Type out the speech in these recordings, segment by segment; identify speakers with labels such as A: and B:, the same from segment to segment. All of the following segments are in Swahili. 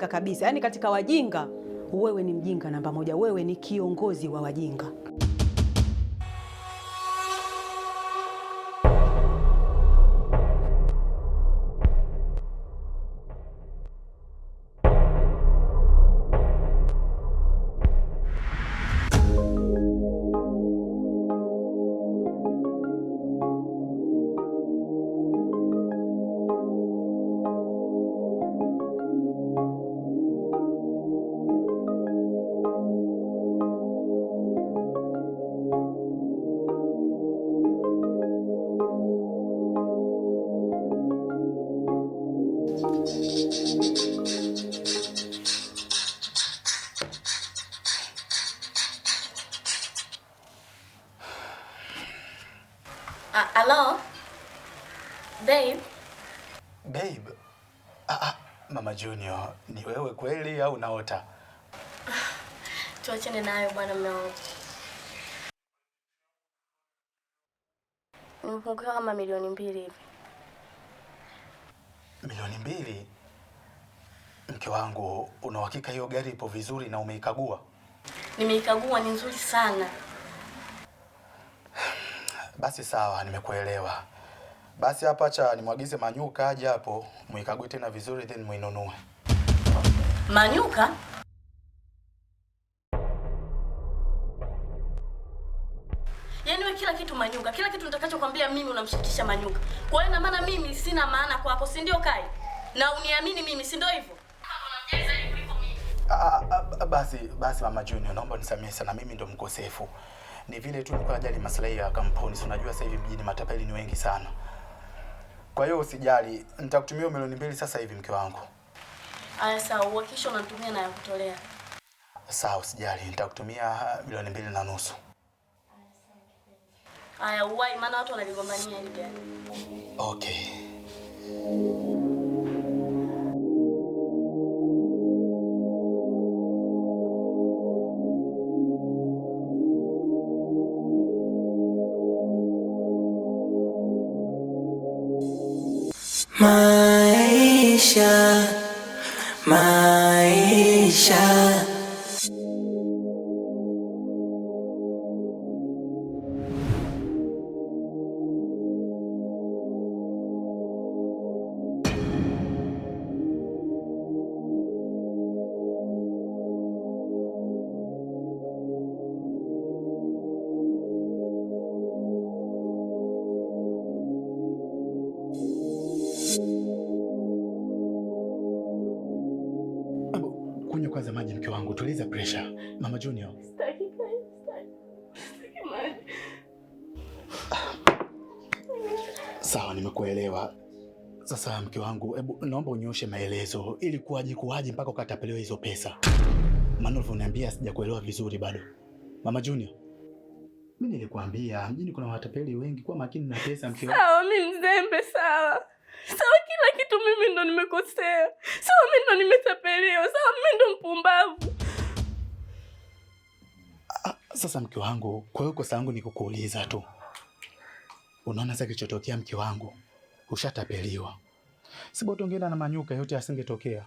A: wajinga kabisa, yaani katika wajinga wewe ni mjinga namba moja, wewe ni kiongozi wa wajinga.
B: Uh, ah, hello? Babe?
C: Babe? Ah, ah, Mama Junior, ni wewe kweli au naota?
B: Tuachane nayo bwana mume Nimepungukiwa kama milioni mbili hivi.
C: Milioni mbili? Mke wangu, una uhakika hiyo gari ipo vizuri na umeikagua?
B: Nimeikagua, ni nzuri sana.
C: Basi sawa, nimekuelewa. Basi hapa cha nimwagize Manyuka aje hapo muikague tena vizuri then muinunue.
B: Manyuka? Yaani wewe kila kitu Manyuka, kila kitu nitakachokwambia mimi unamshirikisha Manyuka. Kwa hiyo na maana mimi sina maana kwako, si ndio Kai? Na uniamini mimi, si ndio hivyo?
C: Ah, ah, ah, basi basi, Mama Junior, naomba nisamehe sana, mimi ndo mkosefu ni vile tu nilikuwa najali maslahi ya kampuni. Si unajua sasa hivi mjini matapeli ni wengi sana. Kwa hiyo usijali, nitakutumia milioni mbili sasa hivi mke wangu.
B: Aya, sawa, uhakikishe unatumia na yakutolea.
C: Sawa, usijali, nitakutumia uh, milioni mbili na nusu.
B: Aya, uwai, maana watu wanajigombania hivi.
C: Okay. maisha maisha umeelewa. Sasa mke wangu, hebu naomba unyoshe maelezo, ili kuwaje kuwaje mpaka ukatapeliwa hizo pesa? Maana ulivyoniambia sijakuelewa vizuri bado. Mama Junior, mimi nilikwambia mjini kuna watapeli wengi, kwa makini na pesa mke
B: wangu. Sawa, mimi mzembe, sawa sawa, kila kitu mimi ndo nimekosea, sawa, mimi ndo nimetapeliwa, sawa, mimi ndo mpumbavu.
C: Ah, sasa mke wangu, kwa hiyo kosa langu ni kukuuliza tu, unaona sasa kilichotokea mke wangu ushatapeliwa. Siboto ungeenda na Manyuka yote asingetokea.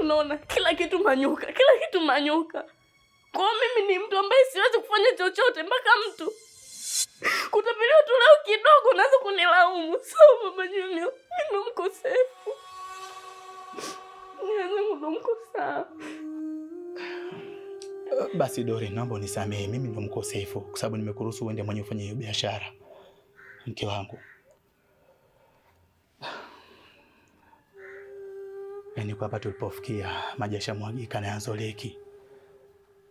B: Unaona, kila kitu Manyuka, kila kitu Manyuka. Kwa mimi ni mtu ambaye siwezi kufanya chochote mpaka mtu kutapeliwa tu leo kidogo unaanza kunilaumu. Sawa mama Junior, mimi ndo mkosefu, mimi ndo mkosefu.
C: Basi Dori, naomba unisamehe, mimi ndo mkosefu kwa sababu nimekuruhusu uende mwenye ufanye hiyo biashara, mke wangu. Yaani kwa hapa tulipofikia maji yashamwagika na yanzoleki.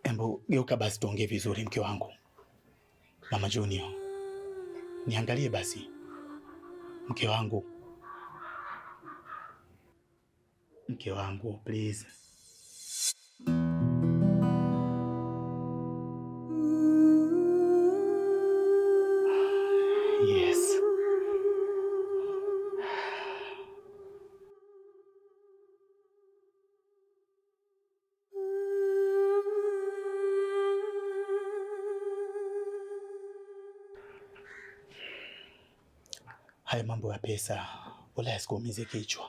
C: Embo geuka basi tuongee vizuri mke wangu. Mama Junior. Niangalie basi mke wangu, mke wangu please. kuchukua pesa wala asikuumize kichwa.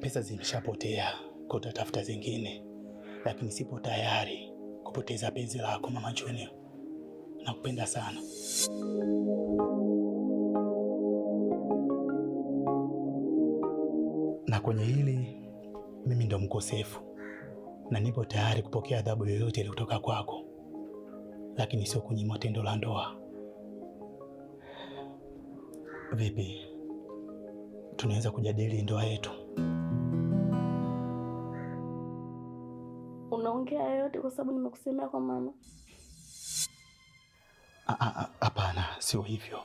C: Pesa zimeshapotea kwa, utatafuta zingine, lakini sipo tayari kupoteza penzi lako mama Junior. Nakupenda sana. kwenye hili mimi ndo mkosefu na nipo tayari kupokea adhabu yoyote ile kutoka kwako, lakini sio kunyimwa tendo la ndoa. Vipi, tunaweza kujadili ndoa yetu?
B: Unaongea yoyote kwa sababu nimekusemea kwa mama?
C: Hapana, sio hivyo,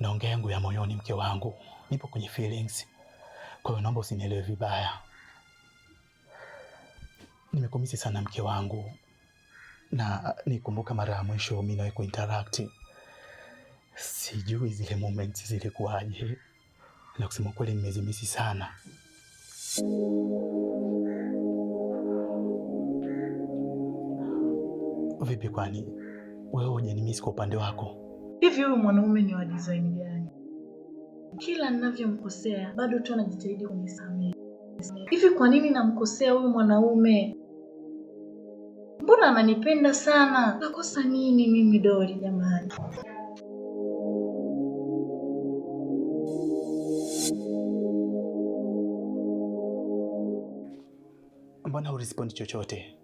C: naongea yangu ya moyoni, mke wangu, nipo kwenye feelings kwa hiyo naomba usinielewe vibaya, nimekumisi sana mke wangu, na nikumbuka mara ya mwisho mimi nawe kuinteract, sijui zile moments zilikuwaje, na kusema kweli nimezimisi sana. Vipi, kwani wewe hujanimisi kwa upande wako?
B: Hivi huyu mwanaume ni wa design gani? Kila ninavyomkosea bado tu anajitahidi kunisamehe. Hivi kwa nini namkosea huyu mwanaume? Mbona ananipenda sana? Nakosa nini mimi Dori jamani?
C: Mbona hurespondi chochote?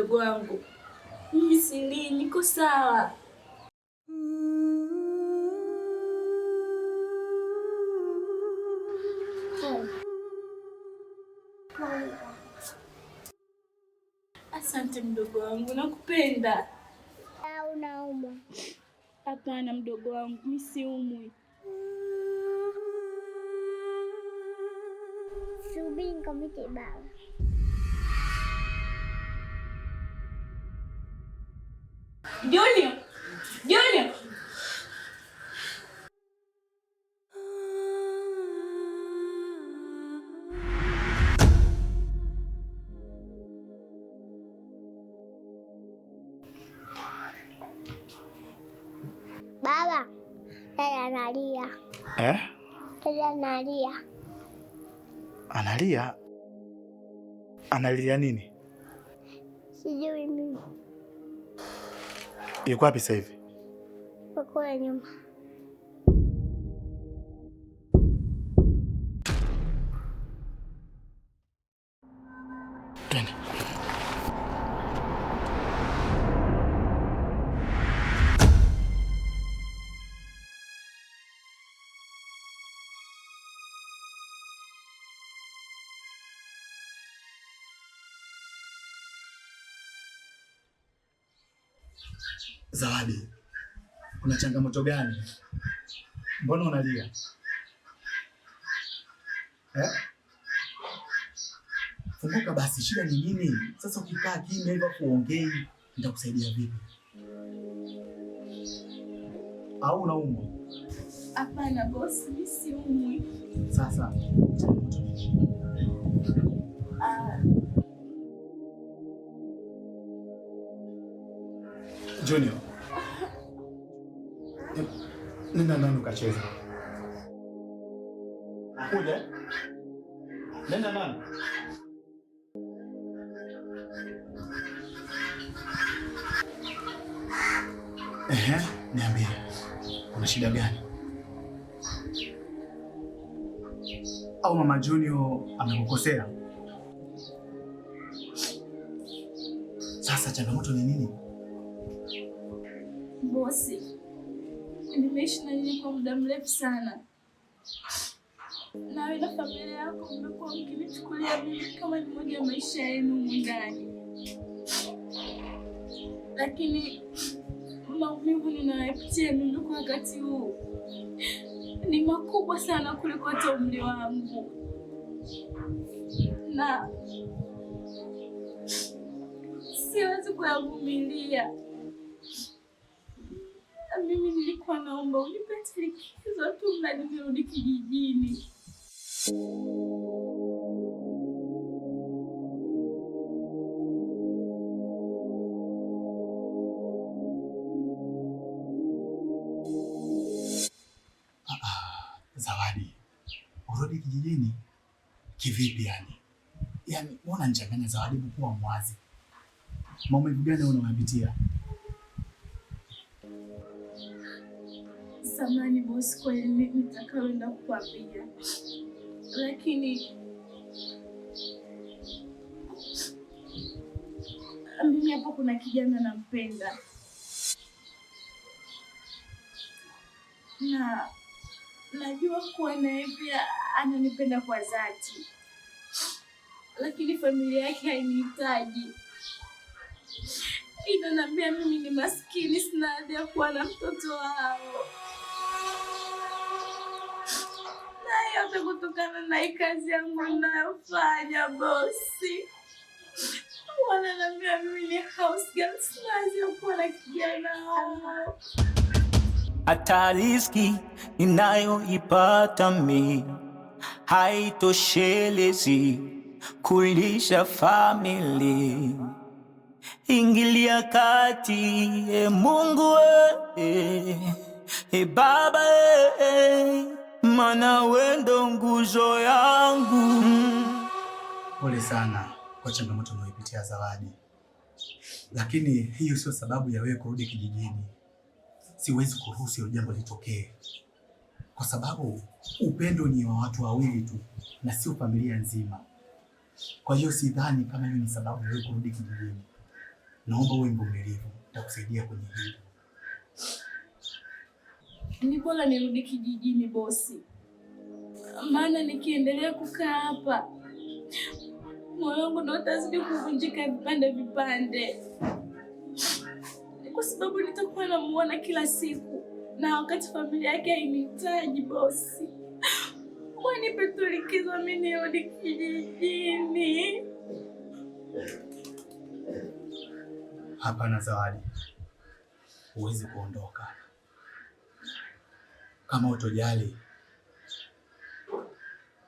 B: mdogo wangu, mimi silii, niko sawa. Asante mdogo wangu, nakupenda.
D: Unaumwa?
B: Hapana mdogo wangu, mimi umwi.
D: Subiri nikamwite baba.
B: Junior. Junior.
D: analia. Eh? analia.
C: Analia? Analia nini?
D: Sijui mimi.
C: Yuko wapi sasa hivi? Kwa nyuma. kuna changamoto gani? Mbona unalia eh? Funguka basi, shida ni nini? Sasa ukikaa kimya hivyo kuongei, nitakusaidia vipi? Au unaumwa?
B: Hapana boss, mimi siumwi.
C: Sasa ah. Junior nenda ndani ukacheza. Kuja, nenda ndani. Ehe, niambie kuna shida gani? Au mama Junior amekukosea? Sasa changamoto ni nini?
B: Bosi, nimeishi na nini kwa muda mrefu sana. Nawe na familia yako mmekuwa mkinichukulia mimi kama ni moja ya maisha yenu mundani, lakini maumivu ninayopitia mimi kwa wakati huu ni makubwa sana kuliko hata umri wangu, na siwezi kuyavumilia. Mimi nilikuwa naomba unipate likizo tu na nimerudi kijijini.
C: Ah, Zawadi, urudi kijijini kivipi? Yani yani, mbona nichanganya Zawadi, kuwa mwazi, maumivu gani unawapitia?
B: samani bosi kwa yale nitakayoenda kukwambia, lakini mimi hapo kuna kijana nampenda na najua kuwa naye pia ananipenda kwa dhati, lakini familia yake hainihitaji. nambia mimi ni maskini, sina ya kuwa na mtoto wao. yote kutokana na hii kazi yangu ninayofanya bosi. Wananiambia mimi ni house girl, kuwa na kijana. Hata riziki ninayoipata mi haitoshelezi kulisha famili.
C: Ingilia kati, e Mungu, e, e Baba, e, e mana wendo nguzo yangu. Pole sana kwa changamoto unayoipitia Zawadi, lakini hiyo sio sababu ya wewe kurudi kijijini. Siwezi kuruhusu hilo jambo litokee, kwa sababu upendo ni wa watu wawili tu na sio familia nzima. Kwa hiyo sidhani kama hiyo ni sababu ya wewe kurudi kijijini. Naomba uwe mvumilivu, nitakusaidia kwenye hili
B: ni bora nirudi kijijini bosi, maana nikiendelea kukaa hapa moyo wangu ndo utazidi kuvunjika vipande vipande, kwa sababu nitakuwa namuona kila siku na wakati familia yake hainihitaji. Bosi, mwanipe tu likizo, mimi nirudi kijijini.
C: Hapana Zawadi, huwezi kuondoka kama utojali,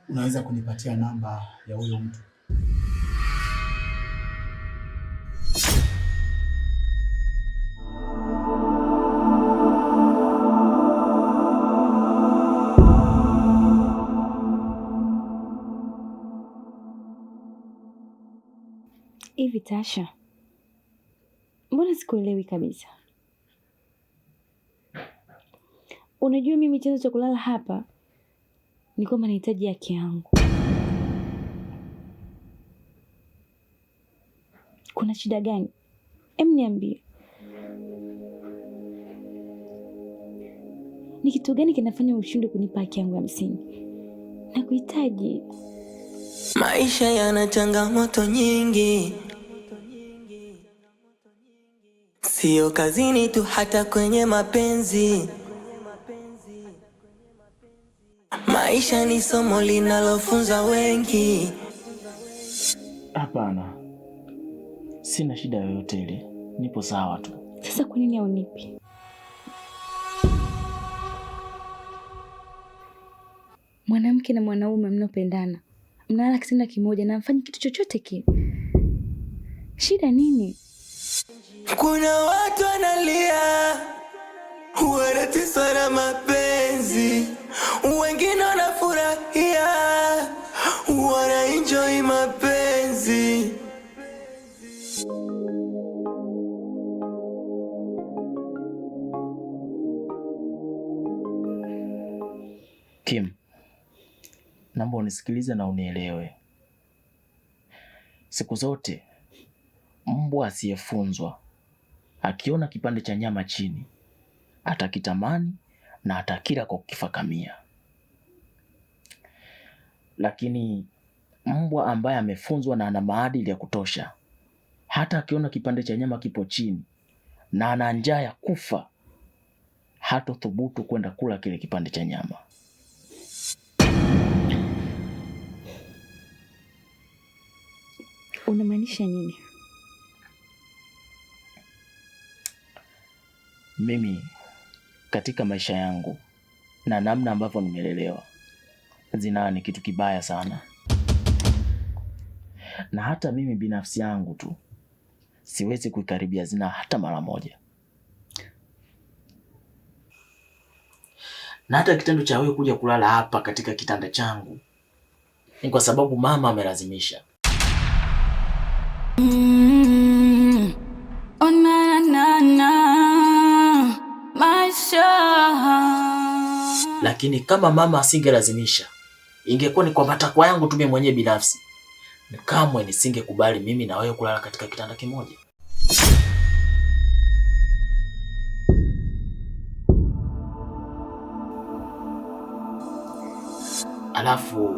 C: unaweza kunipatia namba ya huyo mtu?
B: Hivi Tasha, mbona sikuelewi kabisa? unajua mimi chanzo cha kulala hapa ni kwamba nahitaji haki yangu. Kuna shida gani? Em, niambie, ni kitu gani kinafanya ushindwe kunipa haki yangu ya msingi? Nakuhitaji. Maisha yana changamoto nyingi, sio kazini tu, hata kwenye
C: mapenzi Maisha ni somo linalofunza wengi. Hapana, sina shida yoyote ile, nipo sawa tu.
B: Sasa kwa nini haunipi? Mwanamke na mwanaume mnopendana, mnalala kitanda kimoja na mfanyi kitu chochote kile, shida nini? Kuna watu analia Wanateswa mapenzi, wengine wanafurahia, wanaenjoy
E: mapenzi. Kim, naomba unisikilize na unielewe. Siku zote mbwa asiyefunzwa akiona kipande cha nyama chini atakitamani na atakila kwa kukifakamia. Lakini mbwa ambaye amefunzwa na ana maadili ya kutosha, hata akiona kipande cha nyama kipo chini na ana njaa ya kufa, hatothubutu kwenda kula kile kipande cha nyama.
B: Unamaanisha nini?
E: Mimi katika maisha yangu na namna ambavyo nimelelewa. Zinaa ni kitu kibaya sana, na hata mimi binafsi yangu tu siwezi kuikaribia zinaa hata mara moja, na hata kitendo cha wewe kuja kulala hapa katika kitanda changu ni kwa sababu mama amelazimisha. Lakini kama mama asingelazimisha, ingekuwa ni kwa matakwa yangu tu mimi mwenyewe binafsi, kamwe nisingekubali mimi na wewe kulala katika kitanda kimoja. Alafu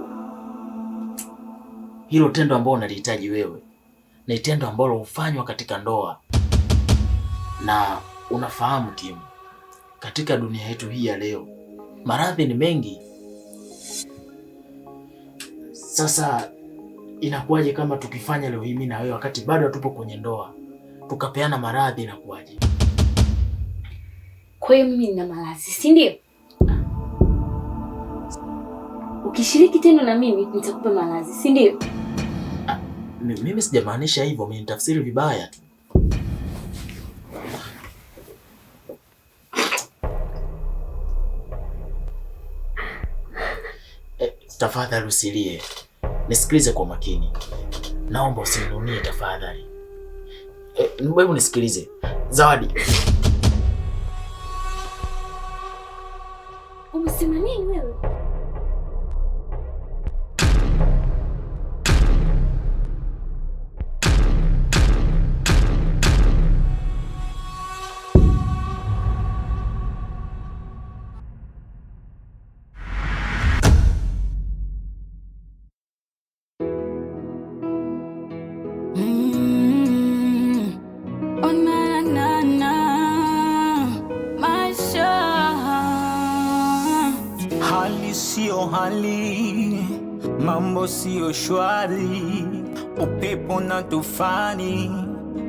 E: hilo tendo ambalo unalihitaji wewe ni tendo ambalo hufanywa katika ndoa, na unafahamu Kimu, katika dunia yetu hii ya leo maradhi ni mengi. Sasa inakuwaje kama tukifanya leo hii mimi na wewe, wakati bado hatupo kwenye ndoa, tukapeana maradhi, inakuwaje?
B: Kwa hiyo mimi nina maradhi, si ndio? Ukishiriki tena na mimi nitakupa maradhi, si ndio?
E: Ah, mimi sijamaanisha hivyo, mimi nitafsiri vibaya tu. Tafadhali usilie, nisikilize kwa makini, naomba usinunie tafadhali. E, wewe unisikilize Zawadi.
B: Umesimamia wewe?
F: upepo na tufani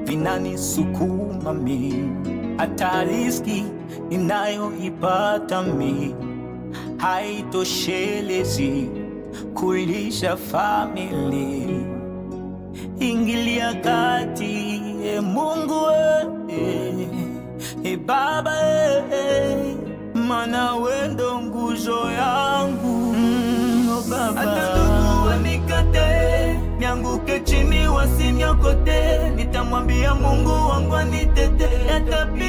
F: vinanisukuma mi, hata riziki ninayoipata mi haitoshelezi kulisha famili. Ingilia kati, e Mungu e, e Baba e, mana wendo nguzo yangu mm, oh Baba nianguke chini wasiniokote, nitamwambia Mungu wangu anitete.